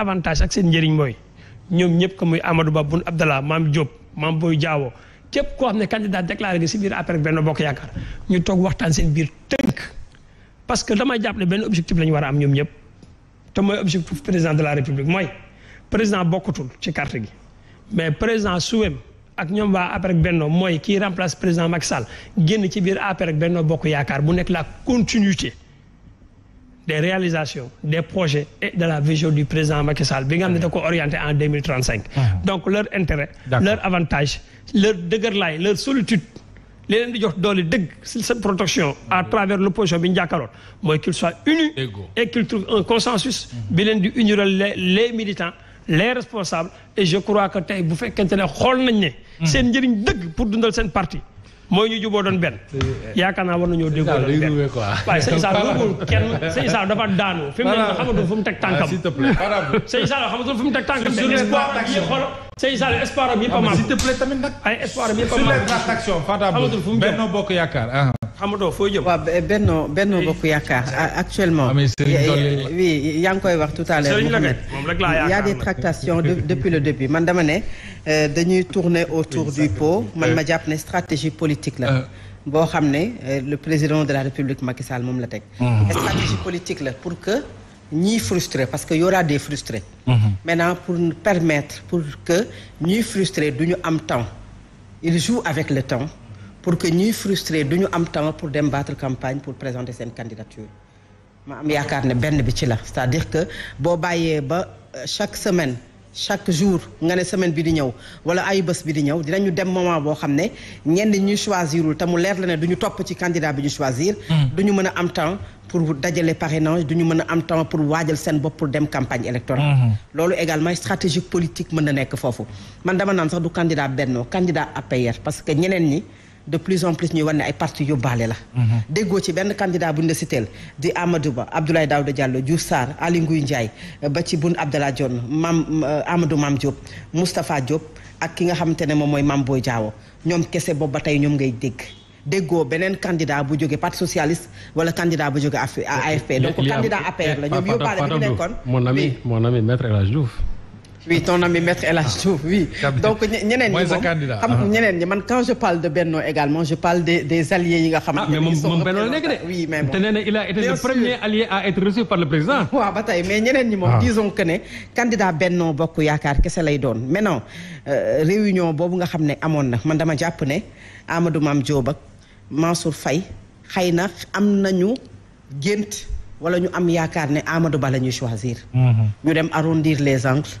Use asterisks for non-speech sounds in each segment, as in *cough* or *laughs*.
avantage ak seen njëriñ mooy ñoom ñëpp ko muy Amadou Ba Boun Abdallah maam Diop Mame booy Diao képp koo xam ne candidat déclaré nga si biir APR benn bokk yaakaar ñu toog waxtaan seen biir tënk parce que damay jàpp ne benn objectif lañu war a am ñoom ñëpp te mooy objectif président de la république mooy président bokkatul ci carte gi mais président suwem ak ñoom waa APR bennoo mooy kii remplace président Macky Sall génn ci biir APR benn bokk yaakaar bu nekk la continuité des réalisations, des projets et de la vision du président Macky Sall, bien mmh. orienté en 2035. Ah. Donc leur intérêt, leur avantage, leur dégueulaille, leur solitude, les gens di jox doole dëgg protection à travers l'opposition bi ñu qu'ils soient unis et qu'ils trouvent un consensus mm-hmm. bi unir di les militants les responsables et je crois que vous faites fekkente ne C'est nañ mm. pour dundal seen partie. mooy ñu juboo doon benn eh. yaakaar naa war nañoo déggoo doon benn waaye sëñ Saal ruubul kenn sëñ Saal dafa daanu fi mu ne xamatul fu mu teg tànkam ah, sëñ Saal xamatul fu mu teg tànkam seen espoir ak yi xool sëñ Saal ah, te plaît tamit nag ay espoir am yëpp a xamatul fu mu benn bokk yaakaar ah. xamatoo fooy jëm. waaw Benno Benno Bokk Yaakaar actuellement. Ah, eh, eh, oui yaa ngi koy wax tout à l'heure Il y a des tractations *laughs* depuis le début man dama ne euh, dañuy tourner autour du pot man ma euh. jàpp ne stratégie politique la. Euh. boo xam ne le président de la République Macky Sall moom la teg. Mmh. stratégie politique la pour que ñiy frustré parce que y aura des frustrés. Mmh. maintenant pour permettre pour que ñiy frustré duñu am temps il joue avec le temps pour que ñuy frustré nous ñu am temps pour dem campagne pour présenter cette candidature ma am yaakaar ne benn bi ci la c'est-à-dire que boo bàyyee ba euh, chaque semaine chaque jour une semaine bi di ñew wala ay bés bi di ñëw dinañu dem moment bo xamné ne ñenn ñuy choisirul te mu leer la né duñu top ci candidat bi ñu choisir hmm. duñu mëna am temps pour dajalé parrainage duñu mëna am temps pour wajal sen bopp pour dem campagne électorale hmm. lolu également stratégique politique mëna nek fofu man dama nan sax du candidat Benno candidat APR parce que ñenen ñi de plus en plus ñuy wane ne ay parti yóbbaale la mhm. déggoo ci benn candidat buñ la citeel di Amadou Ba Abdoulaye Daouda Diallo Diouf Sarr Aly Ngouille Ndiaye ba ci Boun Abdallah Dionne Mam euh, Amadou Mame Diop Moustapha Diop ak ki nga xamante ne moom mooy Mame booy Diao ñoom kese boobu ba tey ñoom ngay dégg déggoo beneen candidat bu jóge parti socialiste wala candidat bu jóge AFP donc candidat APR la eh, ñoom eh, yóbbaale bi fi nekkoon mon mon ami maître El Hadj oui ton ami maître El Hadj Diouf oui ah, donc ñeneen ñi moom xam ah. ñeneen ñi man quand je parle de Benno également je parle des des alliés yi nga ah, xamante ne. mais moom Benno nek nekk de. oui mais bon te nee il a été le premier allié à être reçu par le président. *laughs* Wa ba mais ñeneen ñi mom disons que né candidat Benno Bokk yaakar kese lay doon mais non euh, réunion bobu nga xam ne amoon na man dama japp né Amadou Mame Diop ak Mansour Faye xëy na am nañu gént wala ñu am yaakaar ne Amadou Ba ñu ñuy choisir. Mm-hmm. ñu dem arrondir les angles.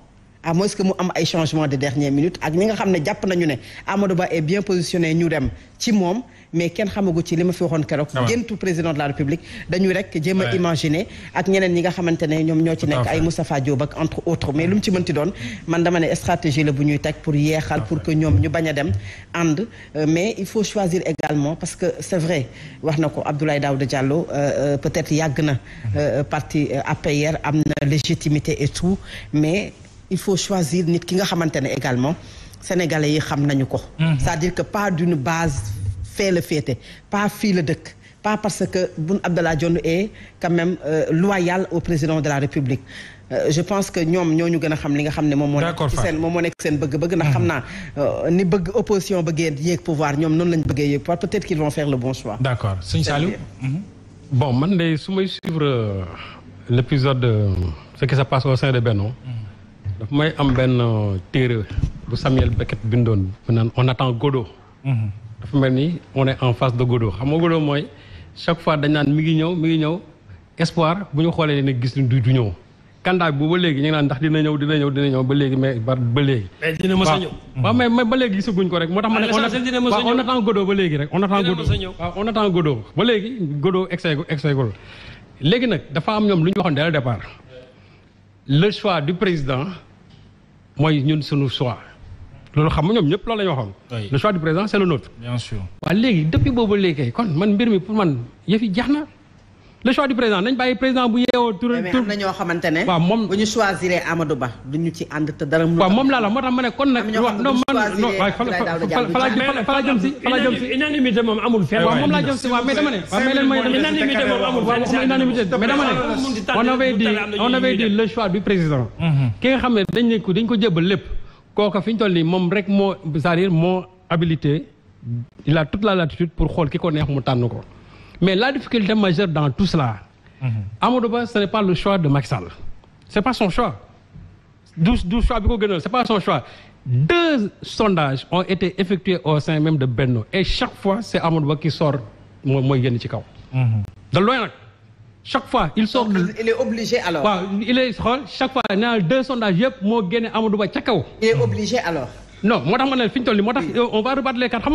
à moins que mu am ay changement de dernière minute ak ñi nga xam ne jàpp nañu Amadou Ba est bien positionné ñu dem ci mais kenn xamagu ci li fi ah président de la République dañuy rek jéem imaginer ak ñeneen ñi nga xamante ne ñoo ci nekk ay Diop ak entre autres mais lu mu ci mënti doon man dama ne stratégie la bu ñuy teg pour yeexal pour que nous ñu bañ euh, mais il faut choisir également parce que c'est vrai wax Abdoulaye Daouda Diallo euh, euh, peut-être a na parti APR am une légitimité et tout mais il faut choisir nit ki nga xamantene également sénégalais yi xam nañu ko. Mhm. c'est-à-dire que pas d'une base fait le féete pas fil le pas parce que Boun Abdallah Dionne est quand même euh, loyal au président de la République euh, je pense que ñom ñoo ñu gën xam li nga xamné ne moom moo ci sen moom moo nekk seen bëgg-bëgg na xamna mhm. euh, ni bëgg opposition bëggee yéeg pouvoir ñom non lañ bëggee yéeg peut-être qu'ils vont faire le bon choix d'accord sëñ mhm. bon man lay sumay suivre l'épisode ce qui se passe au sein de Benoît, daf may am benn euh, téere bu Samuel Beckett bindoon mu naan on attend Godot. Mhm. dafa mel ni on est en face de Godot xam nga Godot mooy chaque fois dañ naan mi ngi ñëw mi ngi ñëw espoir bu ñu xoolee ne gis du du ñëw. kanda bu ba léegi ñu ngi naan ndax dina ñëw dina ñëw dina ñëw ba léegi mais ba ba léegi. mais dina mës a ñëw. waaw mais mais ba léegi gisaguñ ko rek. moo tax ma ne on attend Godot ba léegi rek. on attend Godot waaw on attend Godot ba léegi Godot exeegul exeegul léegi nag dafa am ñoom lu ñu waxoon dès le départ le choix du président mooy ñun sunu choix loolu xam nga ñoom ñëpp loolu la le choix du président c'est le nôtre. bien sûr waaw léegi depuis boobu léegi kon man mbir mi pour man yëf yi jax na le choix du président dañ baye président bu yéwo tour tour mais am na ñoo xamante ne. ñu choisir Amadou Ba duñu ci ànd te dara. waaw wa mom la la tax mané kon nak am na ñoo xam ne bu ñu fa jëm si fa la jëm si. unanimité mom amul fenn. waaw moom laa jëm si waaw mais dama né waaw mais leen mooy unanimité mom amul fenn waaw unanimité mais dama né on avait dit on avait dit le choix du président. Mm-hmm. ki nga xam dañ ne ko dañ ko jébal lépp. kooka fi ñu toll nii moom rek mo c'est-à-dire moo habilité il a toute la latitude pour xol kiko neex mu tànn ko mais la difficulté majeure dans tout cela, mhm. Amou ce n'est pas le choix de Maxal. Ce n'est pas son choix. D'où choix ce n'est pas son choix. Deux sondages ont été effectués au sein même de Benno. Et chaque fois, c'est Amadouba qui sort moi, mhm. De loin, chaque fois, il sort. Il est obligé alors. il est chaque fois, il y a deux sondages, Il est obligé alors. Non, on va rebattre les cartes.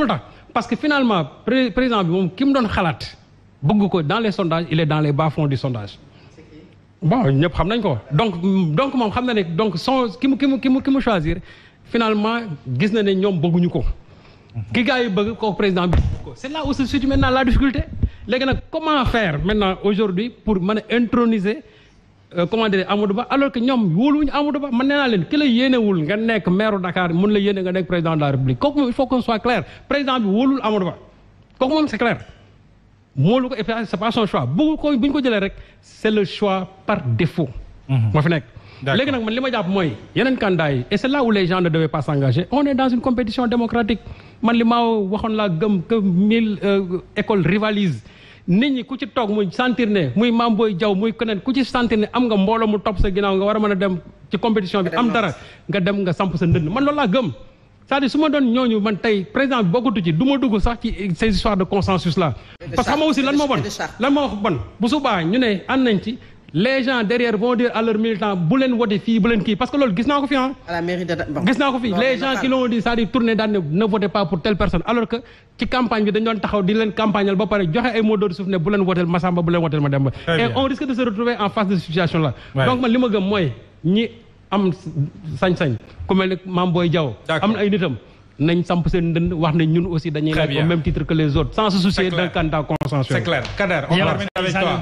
Parce que finalement, président, qui me donne Khalat bëgg ko dans les sondages il est dans les bas-fonds du sondage. bon ñëpp xam nañ ko donc donc mon xam na donc son ki mu ki mu ki mu ki choisir finalement gis na ne ñoom bëgguñu ko. ki gars yi bëgg ko président bi ko c'est là où se situe maintenant la difficulté léegi nag comment faire maintenant aujourd'hui pour mën a introniser euh, comment dire Amadouba alors que ñoom wóoluwuñu Amadouba maintenant, man nee naa leen ki la yéenewul nga nekk maire Dakar mon la yéene nga nekk président de la République kooku il faut qu'on soit clair président bi wóolul Comment c'est clair lu ko et c'est pas son choix bu ko bu ñu ko jëlee rek c'est le choix par défaut. moo mhm. fi nekk. léegi nag man li ma jàpp mooy yeneen candidats yi et c'est là où les gens ne devaient pas s'engager on est dans une compétition démocratique man li ma waxoon laa gëm que mille euh, écoles rivalisent nit ñi ku ci toog muy sentir ne muy Mamboy Diaw muy keneen ku ci sentir ne am nga mbooloo mu topp sa ginnaaw nga war a mën a dem ci compétition bi am dara nga dem nga samp sa ndënd man loolu laa gëm c'est-à-dire su ma doon ñooñu man tey président bi bokkatu ci du ma dugg sax ci ces histoires de consensus là. parce que moi aussi lan moo bon lan moo bon bu subaa ñu ne ànd nañ ci. les gens derrière vont dire à leurs militants bu leen wote filles, bu leen kii parce que loolu gis naa ko fi hein. à la mairie de gis naa ko fi les gens qui l'ont dit c'est-à-dire dans ne ne votez pas pour telle personne alors que ci campagne bi dañ doon taxaw di leen campagnal ba pare joxe ay mots d'ordre suuf ne bu leen woteel Massamba bu leen woteel Mademba. et on risque de se retrouver en face de cette situation là. donc man li ma gëm mooy am sañ-sañ ku mel ne booy Boye Diao am na ay nitam nañ samp seen ndënd wax nañ ñun aussi dañuy nekk au même titre que les autres sans se soucier d'un candidat consensuel. c'est clair Kader on termine avec toi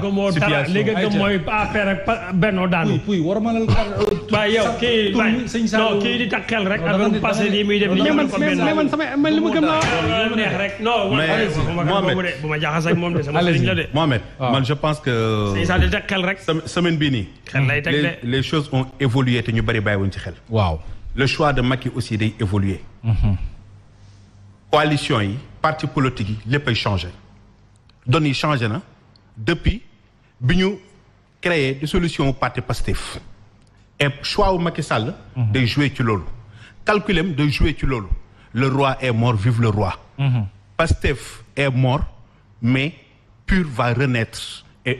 li nga gëm affaire Benno daanu. puy yow kii non kii rek ak passé lii li ma gëm laa neex rek non bu ma jaaxase moom de sama sëriñ je pense que sëñ Sall rek semaine bii nii les choses ont évolué te ñu bari bàyyiwuñ ci xel waaw le choix de Macky aussi évolué. évoluer coalition parti politique les pays changer. Donc, ils changent. depuis nous avons créer des solutions au parti Pastef et choix de Macky Sall de jouer ci Calcul Calculer de jouer ci l'eau. le roi est mort vive le roi mhm. Pastef est mort mais PUR va renaître et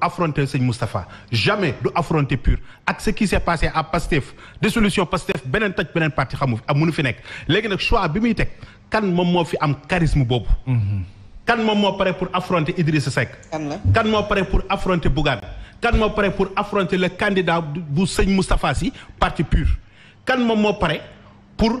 affronter seigneur Moustapha jamais de affronter pur Avec ce qui s'est passé à Pastef des Pastef Benen ben un parti ben un am mënu fi nekk choix bi muy teg kan moom charisme bob. kan mon mot paraît pour affronter Idrissa Seck kan moo paraît pour affronter Bougane kan moo paraît pour affronter le candidat du seigneur Moustapha si parti pur Quand mon mot paraît pour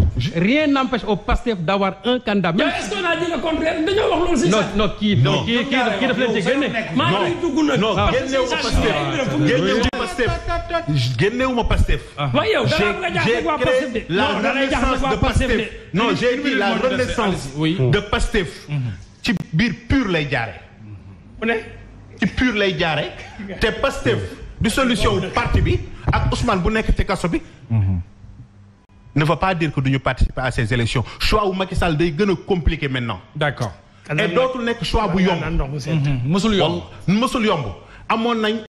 rien n'empêche au PASTEF d'avoir un candidat. mais est-ce qu'on a dit le contraire dañoo wax loolu si non non qui non qui kii daf leen di génne. maa ngi dugg non génnewuma PASTEF ma PASTEF. Ah. waaye yow la renaissance de PASTEF non j'ai dit la renaissance de PASTEF ci bir pur lay jaare mu ci pur lay jaare te PASTEF du solution parti bi ak Ousmane bu nekk ci kaso bi ne va pas dire que nous participer à ces élections choix ou Macky Sall day gën compliqué maintenant. d'accord et d'autres nekk choix bu yomb. mësul yomb mësul yomb amoon